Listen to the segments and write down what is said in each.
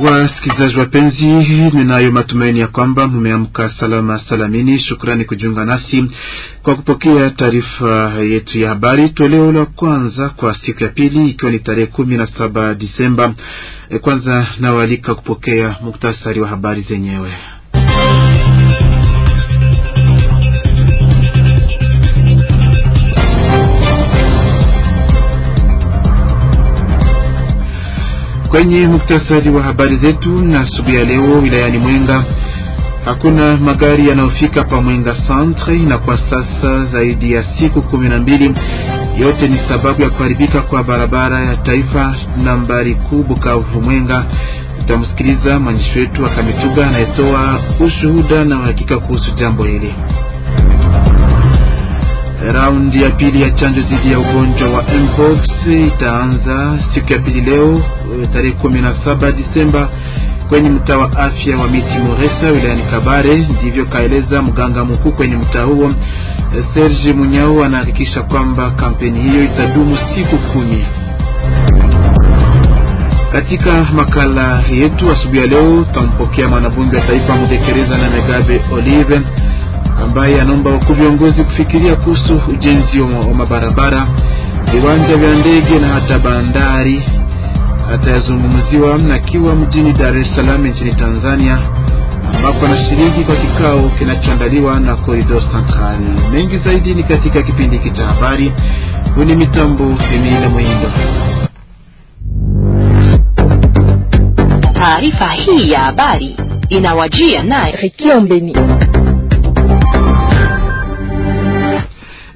Wasikilizaji wapenzi, ninayo matumaini ya kwamba mmeamka salama salamini. Shukrani kujiunga nasi kwa kupokea taarifa yetu ya habari toleo la kwanza kwa siku ya pili, ikiwa ni tarehe kumi na saba Disemba. E, kwanza nawaalika kupokea muktasari wa habari zenyewe. Kwenye muktasari wa habari zetu na asubuhi ya leo, wilayani Mwenga hakuna magari yanayofika pa Mwenga Centre, na kwa sasa zaidi ya siku kumi na mbili. Yote ni sababu ya kuharibika kwa barabara ya taifa nambari kuu Bukavu Mwenga. Tutamsikiliza mwandishi wetu wa Kamituga anayetoa ushuhuda na uhakika kuhusu jambo hili. Raundi ya pili ya chanjo dhidi ya ugonjwa wa mpox itaanza siku ya pili leo eh, tarehe 17 Disemba kwenye mtaa wa afya wa Miti Moresa wilayani Kabare. Ndivyo kaeleza mganga mkuu kwenye mtaa huo eh, Serge Munyao. Anahakikisha kwamba kampeni hiyo itadumu siku kumi. Katika makala yetu asubuhi ya leo tutampokea mwanabunge wa taifa Mudekereza na Megabe Olive ambaye anaomba wakuu viongozi kufikiria kuhusu ujenzi wa mabarabara, viwanja vya ndege na hata bandari. Atayazungumziwa akiwa mjini Dar es Salaam nchini Tanzania, ambapo anashiriki kwa kikao kinachoandaliwa na Corridor Central. Mengi zaidi ni katika kipindi hiki cha habari. Huni mitambo Emile Mwindo. Taarifa hii ya habari inawajia naye Rekiombeni.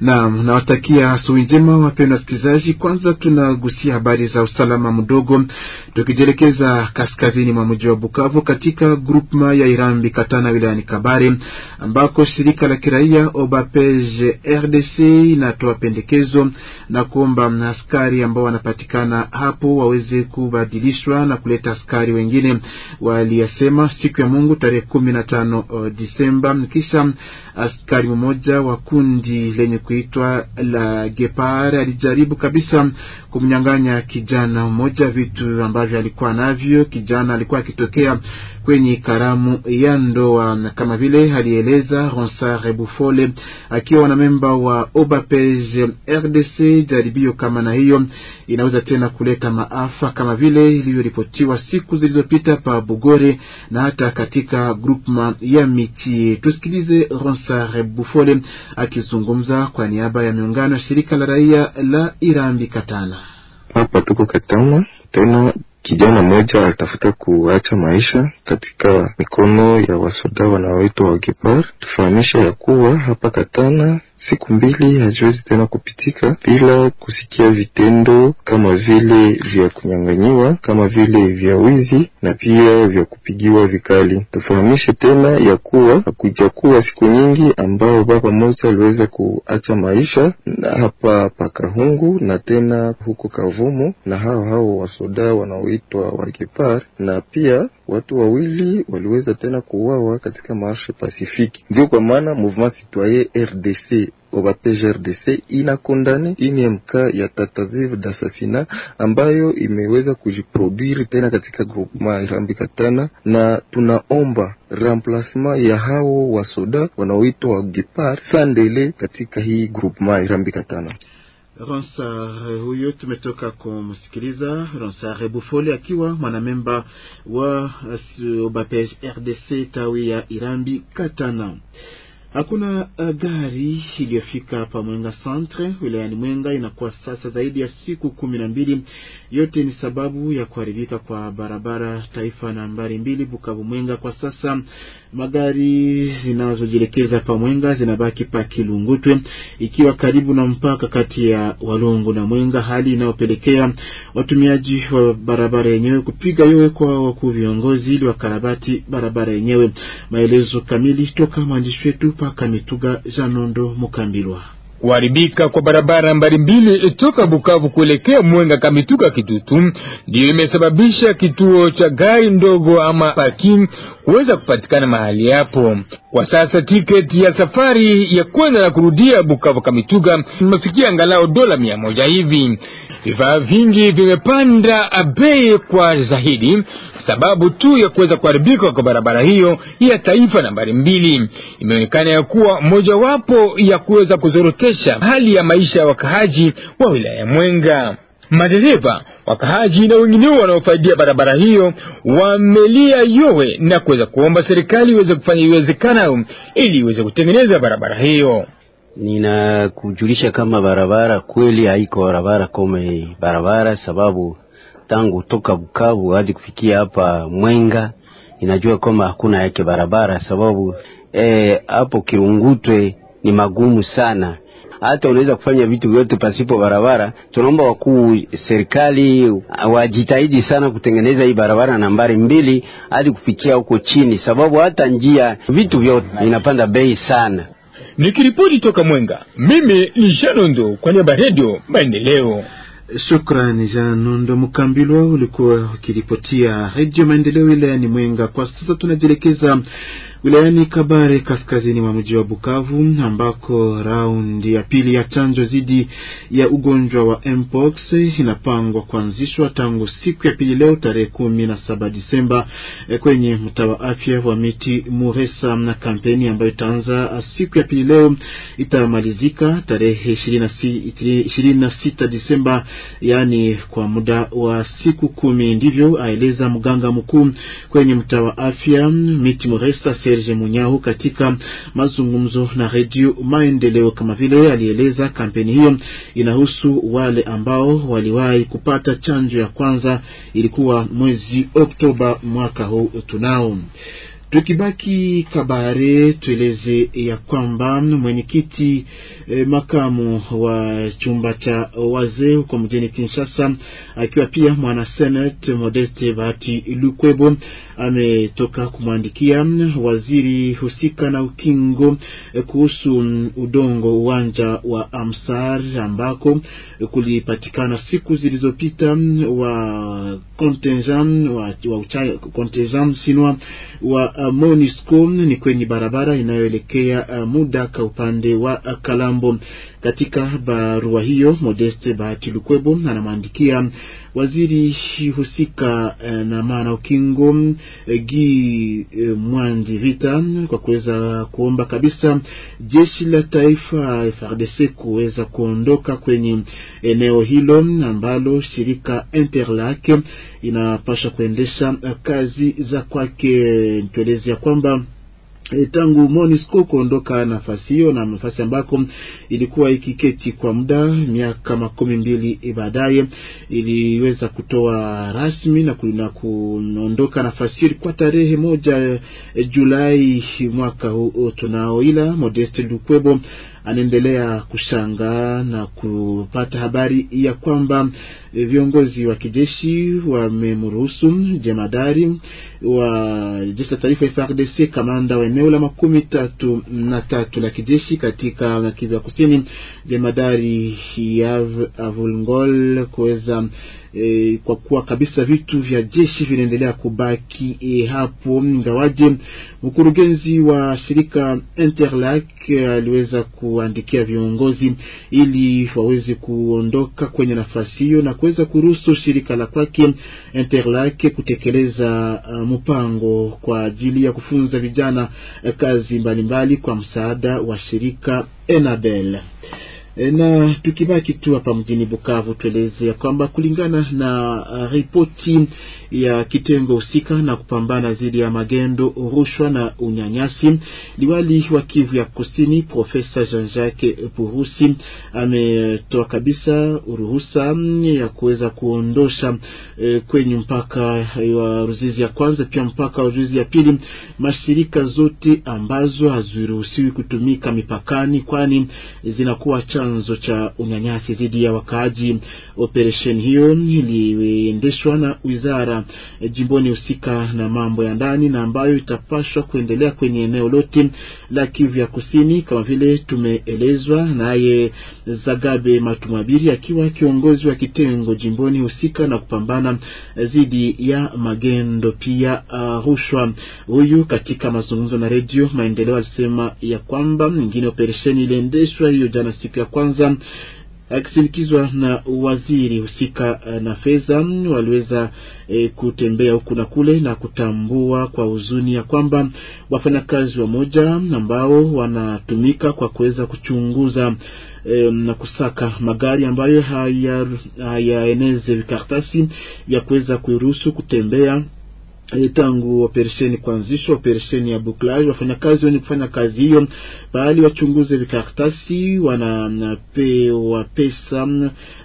Naam, nawatakia asubuhi njema wapendwa wasikilizaji. Kwanza tunagusia habari za usalama mdogo, tukijielekeza kaskazini mwa mji wa Bukavu katika grupma ya Irambi Katana wilayani Kabare, ambako shirika la kiraia Obapege RDC inatoa pendekezo na kuomba askari ambao wanapatikana hapo waweze kubadilishwa na kuleta askari wengine, waliyasema siku ya Mungu tarehe kumi na tano uh, Disemba, kisha askari mmoja wa kundi lenye kuitwa la Gepar alijaribu kabisa kumnyang'anya kijana mmoja vitu ambavyo alikuwa navyo. Kijana alikuwa akitokea kwenye karamu ya ndoa, kama vile alieleza Ronsard Bufole akiwa memba wa Obapej RDC. Jaribio kama na hiyo inaweza tena kuleta maafa kama vile iliyoripotiwa siku zilizopita pa Bugore na hata katika groupement ya Miti. Tusikilize Ronsard Bufole akizungumza kwa kwa niaba ya miungano shirika la raia la Irambi Katana. Hapa tuko Katana tena kijana mmoja alitafuta kuacha maisha katika mikono ya wasoda wanaoitwa Wagepar. Tufahamisha ya kuwa hapa Katana siku mbili haziwezi tena kupitika bila kusikia vitendo kama vile vya kunyang'anyiwa, kama vile vya wizi na pia vya kupigiwa vikali. Tufahamishe tena ya kuwa hakujakuwa siku nyingi ambao baba moja aliweza kuacha maisha na hapa Pakahungu na tena huko Kavumu, na hao hao wasoda wanaoitwa Wagepar na pia watu wawili waliweza tena kuuawa katika marshe Pasifiki. Ndio kwa maana Mouvement Citoyen RDC wa PGRDC inakondane INMK ya tentative d'assassinat ambayo imeweza kujiproduire tena katika groupema Irambi Katana, na tunaomba remplacement ya hao wasoda wanaoitwa wa Gepard sandele katika hii groupema Irambi Katana. Ronsar huyo tumetoka kumsikiliza Ronsar Bufole akiwa mwanamemba wa uh, Obapes RDC tawi ya Irambi Katana. Hakuna uh, gari iliyofika hapa Mwenga Centre wilayani Mwenga inakuwa sasa zaidi ya siku kumi na mbili. Yote ni sababu ya kuharibika kwa barabara taifa nambari mbili Bukavu Mwenga. Kwa sasa magari zinazojielekeza hapa Mwenga zinabaki pa Kilungutwe, ikiwa karibu na mpaka kati ya Walungu na Mwenga, hali inayopelekea watumiaji wa barabara yenyewe kupiga yowe kwa wakuu viongozi ili wakarabati barabara yenyewe. Maelezo kamili toka mwandishi wetu hapa Kamituga, Janondo Mukambilwa. Kuharibika kwa barabara mbalimbili toka Bukavu kuelekea Mwenga Kamituga Kitutu ndiyo imesababisha kituo cha gari ndogo ama parking kuweza kupatikana mahali hapo. Kwa sasa tiketi ya safari ya kwenda na kurudia Bukavu Kamituga imefikia angalau dola mia moja hivi. Vifaa vingi vimepanda bei kwa zaidi sababu tu ya kuweza kuharibika kwa barabara hiyo ya taifa nambari mbili imeonekana ya kuwa mojawapo ya kuweza kuzorotesha hali ya maisha ya wakahaji wa wilaya ya Mwenga. Madereva, wakahaji na wengineo wanaofaidia barabara hiyo wamelia yowe na kuweza kuomba serikali iweze kufanya iwezekana ili iweze kutengeneza barabara hiyo. Ninakujulisha kama barabara kweli haiko barabara kome barabara, sababu tangu toka Bukavu hadi kufikia hapa Mwenga, inajua kwamba hakuna yake barabara sababu e, hapo e, Kirungutwe ni magumu sana, hata unaweza kufanya vitu vyote pasipo barabara. Tunaomba wakuu serikali wajitahidi sana kutengeneza hii barabara nambari mbili hadi kufikia huko chini, sababu hata njia vitu vyote inapanda bei sana. Nikiripoti toka Mwenga, mimi ni Janondo kwa niaba ya redio Maendeleo. Shukrani Jean Nondo Mkambilwa, ulikuwa ukiripotia Redio Maendeleo wilayani Mwenga. Kwa sasa tunajielekeza wilayani Kabare kaskazini mwa mji wa Bukavu ambako raundi ya pili ya chanjo dhidi ya ugonjwa wa mpox inapangwa kuanzishwa tangu siku ya pili leo tarehe kumi na saba Disemba eh, kwenye mtaa wa afya wa miti Muresa, na kampeni ambayo itaanza siku ya pili leo itamalizika tarehe ishirini na sita Disemba, yaani kwa muda wa siku kumi. Ndivyo aeleza mganga mkuu kwenye mtaa wa afya miti Muresa Serge Munyahu katika mazungumzo na Redio Maendeleo. Kama vile alieleza, kampeni hiyo inahusu wale ambao waliwahi kupata chanjo ya kwanza, ilikuwa mwezi Oktoba mwaka huu tunao Tukibaki Kabare, tueleze ya kwamba mwenyekiti e, makamu wa chumba cha wazee huko mjini Kinshasa, akiwa pia mwana senate Modeste Bahati Lukwebo ametoka kumwandikia waziri husika na ukingo e, kuhusu mm, udongo uwanja wa Amsar ambako e, kulipatikana siku zilizopita mm, wa contingent wa, wa contingent sinwa wa Uh, Monisco ni kwenye barabara inayoelekea uh, Mudaka upande wa uh, Kalambo. Katika barua hiyo, Modeste Bahati Lukwebo anamwandikia waziri husika na maana ukingo Gi Mwandi Vita kwa kuweza kuomba kabisa jeshi la taifa FARDC kuweza kuondoka kwenye eneo hilo ambalo shirika Interlake inapasha kuendesha kazi za kwake kuelezea kwamba eh, tangu Monisco kuondoka nafasi hiyo na nafasi ambako ilikuwa ikiketi kwa muda miaka makumi mbili baadaye, iliweza kutoa rasmi na kuondoka nafasi hiyo ilikuwa tarehe moja eh, Julai mwaka huu tunao, ila Modeste Lukwebo anaendelea kushangaa na kupata habari ya kwamba e, viongozi wa kijeshi wamemruhusu jemadari wa jeshi la taifa FARDC, kamanda wa eneo la makumi tatu na tatu la kijeshi katika Kivu ya Kusini, jemadari Yav Avulngol kuweza e, kwa kuwa kabisa vitu vya jeshi vinaendelea kubaki e, hapo ingawaje mkurugenzi wa shirika Interlac aliweza kuandikia viongozi ili waweze kuondoka kwenye nafasi hiyo na kuweza kuruhusu shirika la kwake Interlac kutekeleza uh, mpango kwa ajili ya kufunza vijana uh, kazi mbalimbali mbali kwa msaada wa shirika Enabel. Eh, na tukibaki tu hapa mjini Bukavu, tueleze ya kwamba kulingana na uh, ripoti ya kitengo husika na kupambana dhidi ya magendo, rushwa na unyanyasi, liwali wa Kivu ya Kusini Profesa Jean-Jacques Purusi ametoa kabisa uruhusa mm, ya kuweza kuondosha e, eh, kwenye mpaka eh, wa Ruzizi ya kwanza pia mpaka wa Ruzizi ya pili mashirika zote ambazo haziruhusiwi kutumika mipakani, kwani zinakuwa cha chanzo cha unyanyasi dhidi ya wakaaji. Operesheni hiyo iliendeshwa na wizara eh, jimboni husika na mambo ya ndani na ambayo itapashwa kuendelea kwenye eneo lote la Kivu ya Kusini kama vile tumeelezwa naye Zagabe Matumabiri akiwa kiongozi wa kitengo jimboni husika na kupambana eh, dhidi ya magendo pia uh, rushwa. Huyu katika mazungumzo na redio Maendeleo alisema ya kwamba nyingine operesheni iliendeshwa hiyo jana siku ya kwanza akisindikizwa eh, na waziri husika eh, na fedha waliweza e, kutembea huku na kule na kutambua kwa huzuni ya kwamba wafanyakazi wamoja ambao wanatumika kwa kuweza kuchunguza e, na kusaka magari ambayo hayaeneze haya vikaratasi ya kuweza kuiruhusu kutembea E, Tangu operesheni kuanzishwa, operesheni ya buklaji, wafanyakazi wenye kufanya kazi hiyo bali wachunguze vikaratasi wanapewa pesa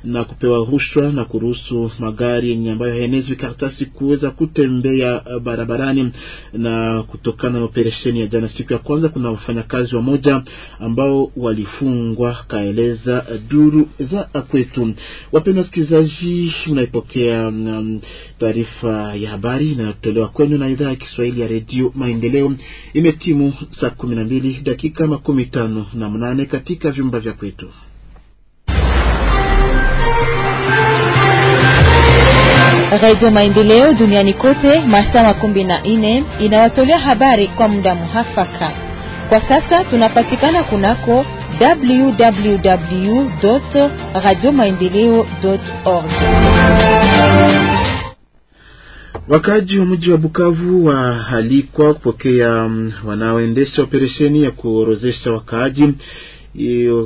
na kupewa rushwa na kuruhusu magari yenye ambayo haenezi vikaratasi kuweza kutembea eh, barabarani. Na kutokana na operesheni ya jana siku ya kwanza, kuna wafanyakazi moja ambao walifungwa, kaeleza eh, duru za kwetu. Wapenda wasikilizaji, mnaipokea mm, taarifa ya habari na tole kutolewa kwenu na idhaa ya Kiswahili ya Redio Maendeleo. Imetimu saa kumi na mbili dakika makumi tano na mnane katika vyumba vya kwetu. Radio Maendeleo duniani kote, masaa makumi na nne inawatolea habari kwa muda muhafaka. Kwa sasa tunapatikana kunako www radio maendeleo org Wakaaji wa mji wa Bukavu waalikwa kupokea mm, wanaoendesha operesheni ya kuorozesha wakaaji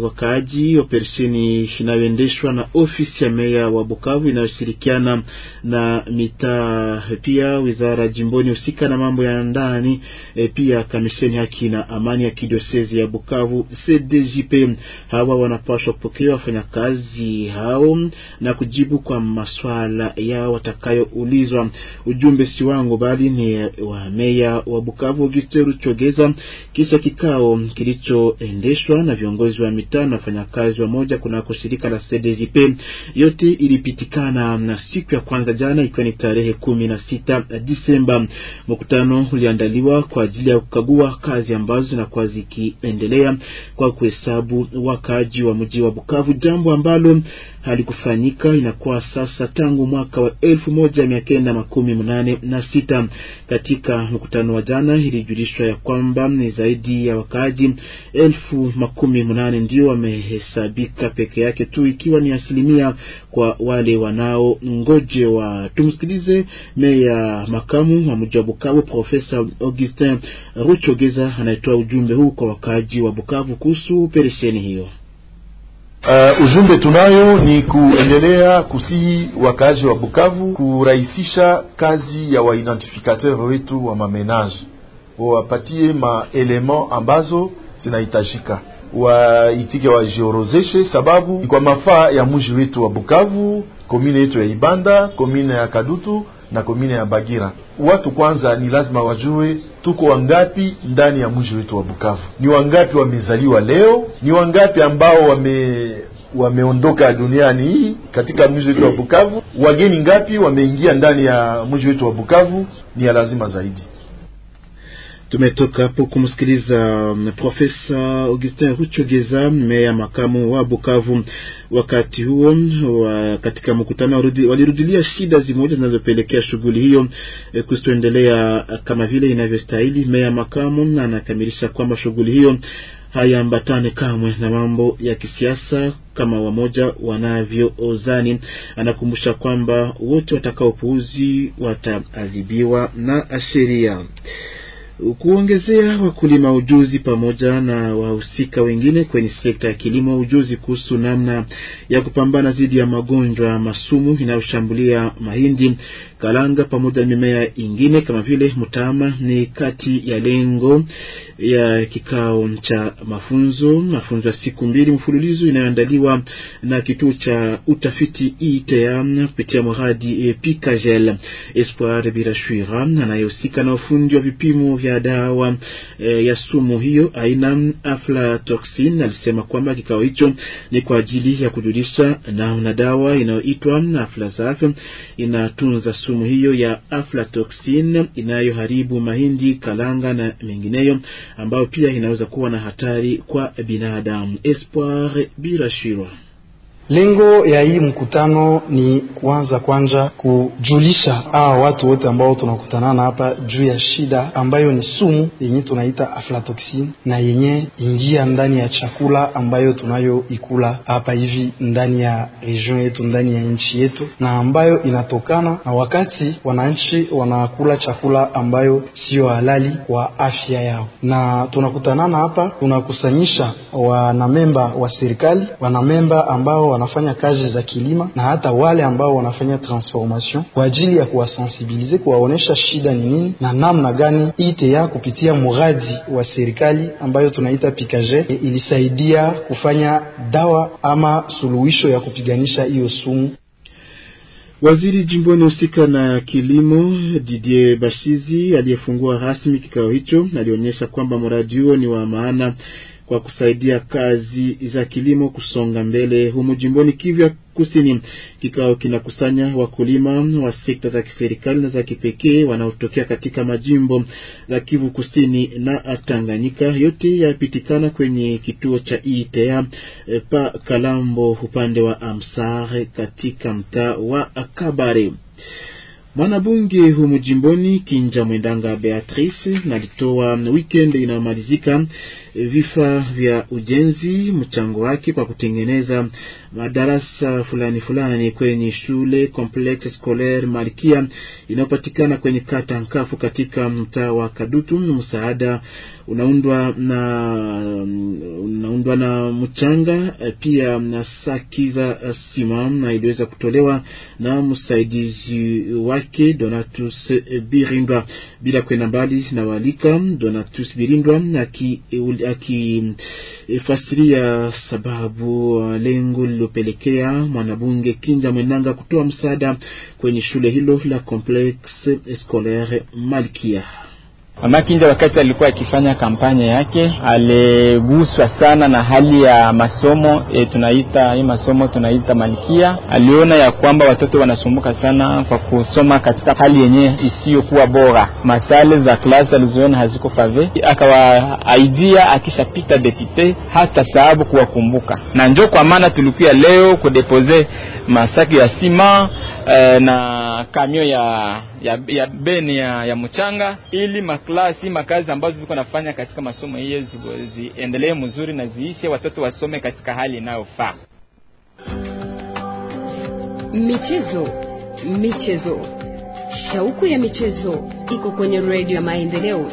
wakaaji, operesheni inayoendeshwa na ofisi ya meya wa Bukavu inayoshirikiana na mitaa, pia wizara jimboni husika na mambo ya ndani, e, pia kamisheni haki na amani ya kidiosezi ya Bukavu CDJP. Hawa wanapaswa kupokea wafanyakazi hao na kujibu kwa maswala yao watakayoulizwa. Ujumbe si wangu bali ni wa meya wa Bukavu Auguste Ruchogeza, kisha kikao kilichoendeshwa na viongozi viongozi wa mitaa na wafanyakazi wa moja kunako shirika la CDJP. Yote ilipitikana na siku ya kwanza jana, ikiwa ni tarehe kumi na sita Disemba. Mkutano uliandaliwa kwa ajili ya kukagua kazi ambazo zinakuwa zikiendelea kwa kuhesabu wakaaji wa mji wa Bukavu, jambo ambalo halikufanyika inakuwa sasa tangu mwaka wa elfu moja mia kenda makumi mnane na sita. Katika mkutano wa jana ilijulishwa ya kwamba ni zaidi ya wakaaji elfu makumi mnane ndio wamehesabika peke yake tu, ikiwa ni asilimia kwa wale wanao ngojewa. Tumsikilize meya makamu wa mji wa Bukavu Profesa Augustin Ruchogeza anayetoa ujumbe huu kwa wakaaji wa Bukavu kuhusu operesheni hiyo. Uh, ujumbe tunayo ni kuendelea kusihi wakaaji wa Bukavu kurahisisha kazi ya waidentificateur wetu wa mamenage, wapatie maelemen ambazo zinahitajika, waitike wajiorozeshe, sababu ni kwa mafaa ya mji wetu wa Bukavu, komine yetu ya Ibanda, komine ya Kadutu na komine ya Bagira. Watu kwanza ni lazima wajue tuko wangapi ndani ya mji wetu wa Bukavu, ni wangapi wamezaliwa leo, ni wangapi ambao wame wameondoka duniani hii katika mji wetu wa Bukavu, wageni ngapi wameingia ndani ya mji wetu wa Bukavu, ni ya lazima zaidi. Tumetoka hapo kumsikiliza um, Profesa Augustin Ruchogeza, meya makamu wa Bukavu. Wakati huo wa katika mkutano walirudilia shida zimoja zinazopelekea shughuli hiyo e, kustoendelea uh, kama vile inavyostahili. Meya makamu anakamilisha kwamba shughuli hiyo hayaambatane kamwe na mambo ya kisiasa kama wamoja wanavyoozani. Anakumbusha kwamba wote watakaopuuzi wataadhibiwa na sheria kuongezea wakulima ujuzi pamoja na wahusika wengine kwenye sekta ya kilimo ujuzi kuhusu namna ya kupambana dhidi ya magonjwa masumu inayoshambulia mahindi, kalanga pamoja na mimea ingine kama vile mtama ni kati ya lengo ya kikao cha mafunzo mafunzo ya siku mbili mfululizo inayoandaliwa na kituo cha utafiti ITEAM kupitia mradi e Picagel. Espoir Birashwira anayehusika na ufundi wa vipimo vya dawa e, ya sumu hiyo aina aflatoxin. Alisema kwamba kikao hicho ni kwa ajili ya kujulisha namna dawa inayoitwa Aflasaf inatunza sumu hiyo ya aflatoxin inayoharibu mahindi, kalanga na mengineyo, ambayo pia inaweza kuwa na hatari kwa binadamu. Espoir Birashirwa Lengo ya hii mkutano ni kuanza kwanja kujulisha hawa watu wote ambao tunakutanana hapa juu ya shida ambayo ni sumu yenye tunaita aflatoxin na yenye ingia ndani ya chakula ambayo tunayoikula hapa hivi ndani ya region yetu, ndani ya nchi yetu, na ambayo inatokana na wakati wananchi wanakula chakula ambayo siyo halali kwa afya yao. Na tunakutanana hapa, tunakusanyisha wanamemba wa serikali, wanamemba ambao wanafanya kazi za kilima na hata wale ambao wanafanya transformation kwa ajili ya kuwasensibilize, kuwaonyesha shida ni nini na namna gani ITA kupitia mradi wa serikali ambayo tunaita Pikaje e, ilisaidia kufanya dawa ama suluhisho ya kupiganisha hiyo sumu. Waziri jimboni husika na kilimo Didier Bashizi aliyefungua rasmi kikao hicho alionyesha kwamba mradi huo ni wa maana kwa kusaidia kazi za kilimo kusonga mbele humu jimboni Kivu Kusini. Kikao kinakusanya wakulima wa sekta za kiserikali na za kipekee wanaotokea katika majimbo za Kivu Kusini na Tanganyika. Yote yapitikana kwenye kituo cha ITA e eh, pa Kalambo upande wa Amsare katika mtaa wa Kabare. Mwanabunge humu jimboni Kinja Mwendanga Beatrice nalitoa weekend inayomalizika eh, vifaa vya ujenzi, mchango wake kwa kutengeneza madarasa fulani fulani kwenye shule Complex Scolaire Malkia inayopatikana kwenye kata Nkafu katika mtaa wa Kadutu. Msaada unaundwa na mm, unaundwa na mchanga pia na saki za sima, na iliweza kutolewa na msaidizi wake Donatus Birindwa. Bila kwenda mbali na walika Donatus Birindwa akifasiria aki, mm, e, sababu lengo lililopelekea mwanabunge Kinja Mwenanga kutoa msaada kwenye shule hilo la Complexe Scolaire Malkia. Mama Kinja wakati alikuwa akifanya kampanya yake aliguswa sana na hali ya masomo e, tunaita hii masomo tunaita malkia. Aliona ya kwamba watoto wanasumbuka sana kwa kusoma katika hali yenye isiyokuwa bora, masale za klasi alizoona haziko pave, akawaaidia akishapita depute hata sababu kuwakumbuka, na njo kwa maana tulikuya leo kudepose masaki ya sima eh, na kamio ya ya, ya beni ya, ya mchanga, ili maklasi makazi ambazo ziko nafanya katika masomo hiyo ziendelee mzuri na ziishe, watoto wasome katika hali inayofaa. Michezo, michezo, shauku ya michezo iko kwenye redio ya Maendeleo,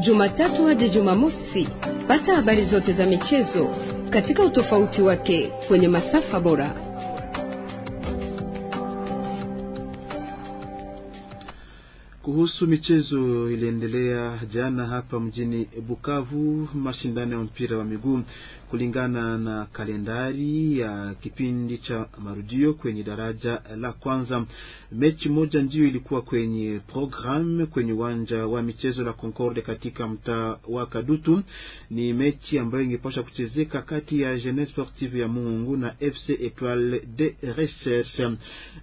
Jumatatu hadi Jumamosi. Pata habari zote za michezo katika utofauti wake kwenye masafa bora. Kuhusu michezo iliendelea jana hapa mjini Bukavu, mashindano ya mpira wa miguu kulingana na kalendari ya kipindi cha marudio kwenye daraja la kwanza. Mechi moja ndiyo ilikuwa kwenye program kwenye uwanja wa michezo la Concorde katika mtaa wa Kadutu. Ni mechi ambayo ingepasha kuchezeka kati ya Jeunesse Sportive ya Mungu na FC Etoile de Recherche.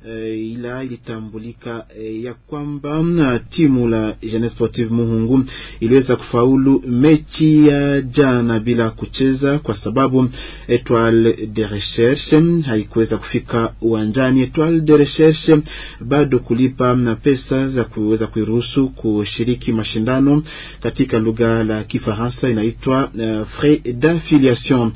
E, ila ilitambulika e, ya kwamba timu la Jeunesse Sportive Mungu iliweza kufaulu mechi ya jana bila kucheza kwa kwa sababu Etoile de Recherche haikuweza kufika uwanjani. Etoile de Recherche bado kulipa na pesa za kuweza kuiruhusu kushiriki mashindano katika lugha la Kifaransa inaitwa uh, frais d'affiliation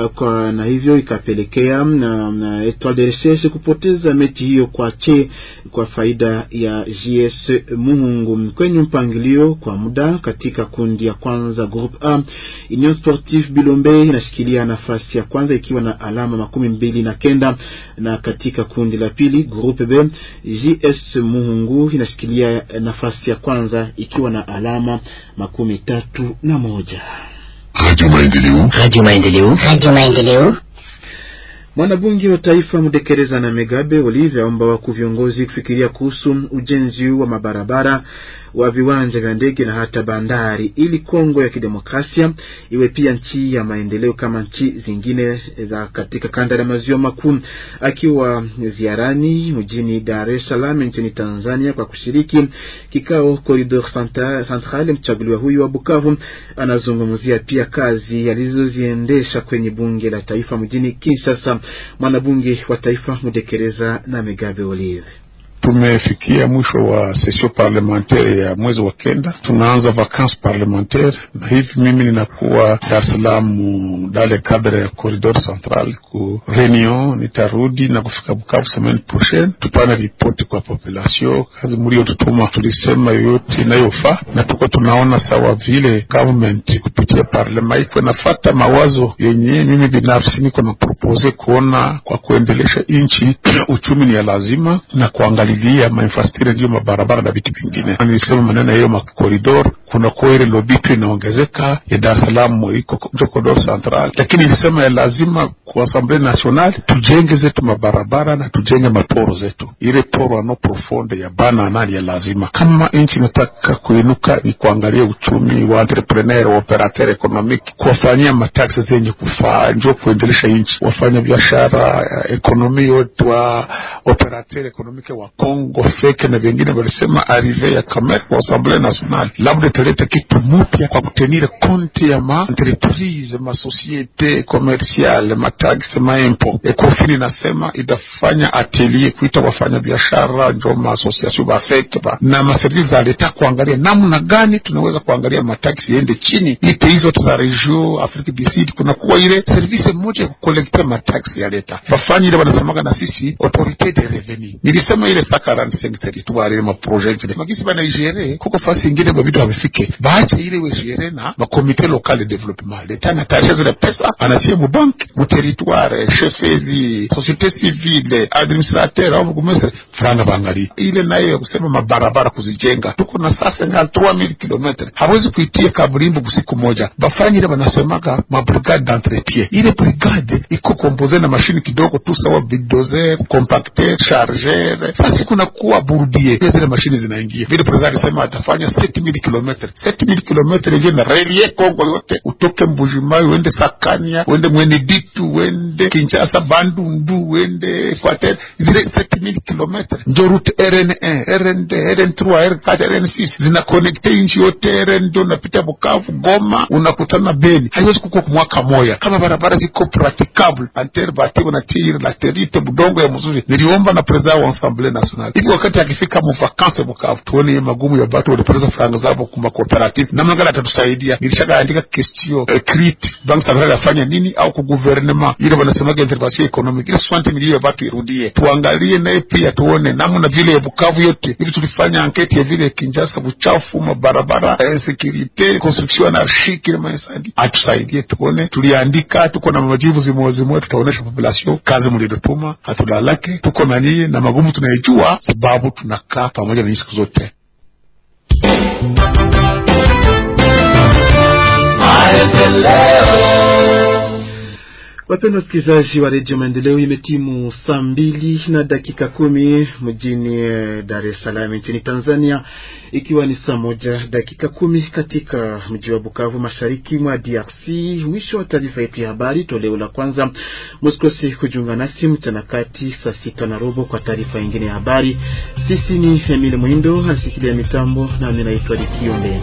uh, kwa na hivyo ikapelekea uh, Etoile de Recherche kupoteza mechi hiyo kwa che kwa faida ya JS Muhungu kwenye mpangilio kwa muda katika kundi ya kwanza group A Union Sportive Bilombe inashikilia nafasi ya kwanza ikiwa na alama makumi mbili na kenda na katika kundi la pili grupe B JS Muhungu inashikilia nafasi ya kwanza ikiwa na alama makumi tatu na moja. Radio Maendeleo, Radio Maendeleo, Radio Maendeleo. Mwanabunge wa taifa Mudekereza na Megabe omba wakuu viongozi kufikiria kuhusu ujenzi wa mabarabara wa viwanja vya ndege na hata bandari ili Kongo ya Kidemokrasia iwe pia nchi ya maendeleo kama nchi zingine za katika kanda la maziwa makuu. Akiwa ziarani mjini Dar es Salaam nchini Tanzania kwa kushiriki kikao Corridor Central, mchaguliwa huyu wa Bukavu anazungumzia pia kazi alizoziendesha kwenye bunge la taifa mjini Kinshasa mwanabunge wa taifa Mudekereza na Megabe Olive. Tumefikia mwisho wa session parlementaire ya mwezi wa kenda, tunaanza vacance parlementaire, na hivi mimi ninakuwa Dar es Salaam dale cadre ya corridor central ku reunion. Nitarudi na kufika Bukavu semaine prochaine, tupane ripoti kwa population kazi mliotutuma. Tulisema yoyote inayofaa, na tuko tunaona sawa vile government kupitia parlema iko nafata mawazo yenye mimi binafsi niko napropose kuona kwa kuendelesha nchi uchumi ni ya lazima na kuangalia kupalilia mainfrastructure ndiyo mabarabara na vitu vingine. Nilisema maneno hiyo makoridor, kuna kweli lobitu inaongezeka ya Dar es Salaam iko koridor central, lakini nilisema lazima kwa Asamble National tujenge zetu mabarabara na tujenge maporo zetu, ile poro ano profonde ya bana nani ya lazima, kama nchi inataka kuinuka, ni kuangalia uchumi wa entrepreneur wa operateur economic, kuwafanyia mataksi zenye kufaa, ndio kuendelesha nchi, wafanya biashara ekonomi eh, yote wa operateur economic wa Kongo feke na vengine walisema arrive ya Kamek kwa Assemble Nationale labda italeta kitu mupya kwa kutenire konte ya ma entreprise ma societe commerciale mataxe maempo. Ekofini nasema idafanya atelier kuita wafanya biashara njo ma association ba feke ba na ma service za leta kuangalia namna gani tunaweza kuangalia mataxi yende chini ite hizo za regio Afrique du Sud, kuna kuwa ile service moja ya kukolekta mataxi ya leta bafanya ile wanasemaga na sisi autorite de revenu nilisema ile 145 territoire tubare maprojekti bana banaigere kuko fasi ingine babidu wamefike baache ile wegere na makomite local de development na natashe zile pesa anasie mu territoire chefezi societe civile administrateur au burgomestre franga bangali ile nayo ya kusema mabarabara kuzijenga tuko na sasa nga 3000 km hawezi kuitia kaburimbu kusiku moja bafanye ile banasemaga mabrigade d'entretien ile brigade iko kompoze na mashini kidogo tu sawa bidoze compacteur chargeur fasi siku na kuwa burudie zile mashine zinaingia vile. Prezida alisema atafanya 7000 km 7000 km ile na reli ya Kongo yote, utoke mbujimayi uende Sakania uende Mwene Ditu uende Kinshasa Bandundu uende Equateur, zile 7000 km ndio route RN1 RN2 RN3 RN4 RN6 zinakonekte nchi yote. RN2 unapita Bukavu, Goma, unakutana Beni. Haiwezi kukua kwa mwaka kama barabara ziko praticable antere bati wanatia la laterite budongo ya mzuri. Niliomba na prezida wa ensemble na vacances hivi, wakati akifika mu vacances tuone magumu ya batu walipoteza faranga zao kuma cooperative namna gani atatusaidia. nilishaka andika kestio eh, crit bank sabara yafanya nini au ku gouvernement ile wanasemaga intervention economic ile swanti milio ya batu irudie, tuangalie naye pia tuone namna vile ya Bukavu yote hivi. Tulifanya anketi ya vile kinjasa buchafu mabarabara, insecurite, eh, construction anarchike na maesadi, atusaidie tuone. Tuliandika tuko na majibu zimoa zimoa, tutaonesha population kazi mlilotuma, hatulalake tuko na nyie na magumu tunayejua kuwa sababu tunakaa pamoja hii siku zote. Wapenda wasikilizaji wa redio Maendeleo, imetimu saa mbili na dakika kumi mjini eh, Dar es Salaam nchini Tanzania, ikiwa ni saa moja dakika kumi katika mji wa Bukavu, mashariki mwa DRC. Mwisho wa taarifa yetu ya habari toleo la kwanza. Msikose kujiunga nasi mchana kati saa sita na robo kwa taarifa nyingine ya habari. Sisi ni Emile Mwindo anashikilia mitambo, nami naitwa Likiombe.